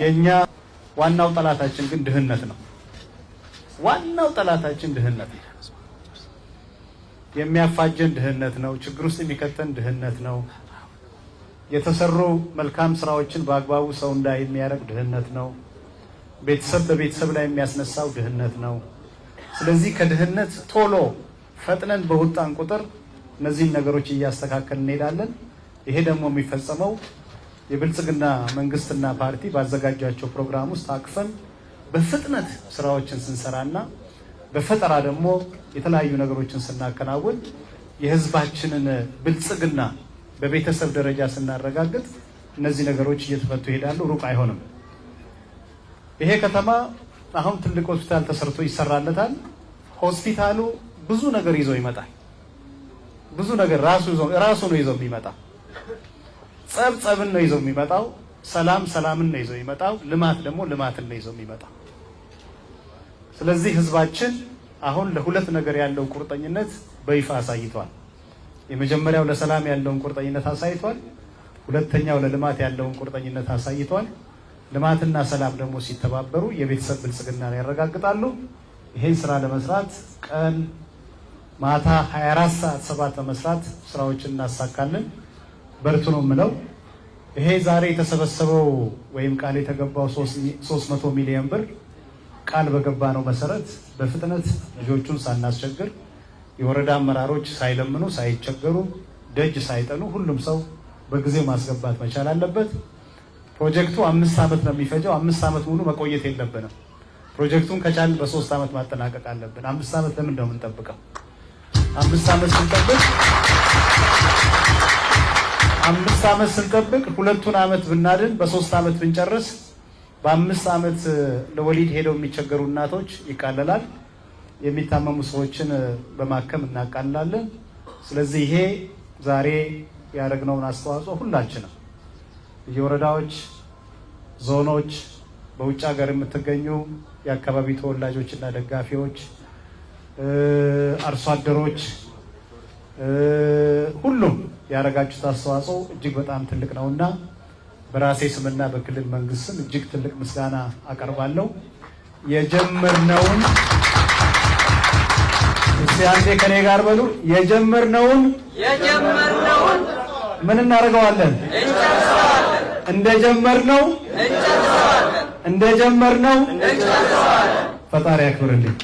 የእኛ ዋናው ጠላታችን ግን ድህነት ነው። ዋናው ጠላታችን ድህነት ነው። የሚያፋጀን ድህነት ነው። ችግር ውስጥ የሚከተን ድህነት ነው። የተሰሩ መልካም ስራዎችን በአግባቡ ሰው እንዳይ የሚያደርግ ድህነት ነው። ቤተሰብ በቤተሰብ ላይ የሚያስነሳው ድህነት ነው። ስለዚህ ከድህነት ቶሎ ፈጥነን በወጣን ቁጥር እነዚህን ነገሮች እያስተካከልን እንሄዳለን። ይሄ ደግሞ የሚፈጸመው የብልጽግና መንግስትና ፓርቲ ባዘጋጃቸው ፕሮግራም ውስጥ አቅፈን በፍጥነት ስራዎችን ስንሰራና በፈጠራ ደግሞ የተለያዩ ነገሮችን ስናከናውን የህዝባችንን ብልጽግና በቤተሰብ ደረጃ ስናረጋግጥ እነዚህ ነገሮች እየተፈቱ ይሄዳሉ። ሩቅ አይሆንም። ይሄ ከተማ አሁን ትልቅ ሆስፒታል ተሰርቶ ይሰራለታል። ሆስፒታሉ ብዙ ነገር ይዞ ይመጣል። ብዙ ነገር ራሱ ነው ይዞ የሚመጣ ጸብ ጸብን ነው ይዘው የሚመጣው። ሰላም ሰላምን ነው ይዘው የሚመጣው። ልማት ደግሞ ልማትን ነው ይዘው የሚመጣው። ስለዚህ ህዝባችን አሁን ለሁለት ነገር ያለው ቁርጠኝነት በይፋ አሳይቷል። የመጀመሪያው ለሰላም ያለውን ቁርጠኝነት አሳይቷል። ሁለተኛው ለልማት ያለውን ቁርጠኝነት አሳይቷል። ልማትና ሰላም ደግሞ ሲተባበሩ የቤተሰብ ብልጽግና ያረጋግጣሉ። ይሄን ስራ ለመስራት ቀን ማታ 24 ሰዓት ሰባት በመስራት ስራዎችን እናሳካለን። በርቱ ነው የምለው። ይሄ ዛሬ የተሰበሰበው ወይም ቃል የተገባው 300 ሚሊዮን ብር ቃል በገባ ነው መሰረት በፍጥነት ልጆቹን ሳናስቸግር የወረዳ አመራሮች ሳይለምኑ ሳይቸገሩ ደጅ ሳይጠኑ ሁሉም ሰው በጊዜ ማስገባት መቻል አለበት። ፕሮጀክቱ አምስት ዓመት ነው የሚፈጀው። አምስት ዓመት ሙሉ መቆየት የለብንም። ፕሮጀክቱን ከቻል በሶስት ዓመት ማጠናቀቅ አለብን። አምስት ዓመት ለምን ነው የምንጠብቀው? አምስት ዓመት ስንጠብቅ አምስት ዓመት ስንጠብቅ ሁለቱን ዓመት ብናድን በሶስት ዓመት ብንጨርስ በአምስት ዓመት ለወሊድ ሄደው የሚቸገሩ እናቶች ይቃለላል። የሚታመሙ ሰዎችን በማከም እናቃልላለን። ስለዚህ ይሄ ዛሬ ያደረግነውን አስተዋጽኦ ሁላችንም የወረዳዎች፣ ዞኖች፣ በውጭ ሀገር የምትገኙ የአካባቢ ተወላጆችና ደጋፊዎች፣ አርሶ አደሮች ሁሉም ያደረጋችሁት አስተዋጽኦ እጅግ በጣም ትልቅ ነውና በራሴ ስምና በክልል መንግስት ስም እጅግ ትልቅ ምስጋና አቀርባለሁ። የጀመርነውን እስቲ አንዴ ከኔ ጋር በሉ። የጀመርነውን የጀመርነውን ምን እናደርገዋለን? እንደጀመርነው እንደጀመርነው ፈጣሪ ያክብርልኝ።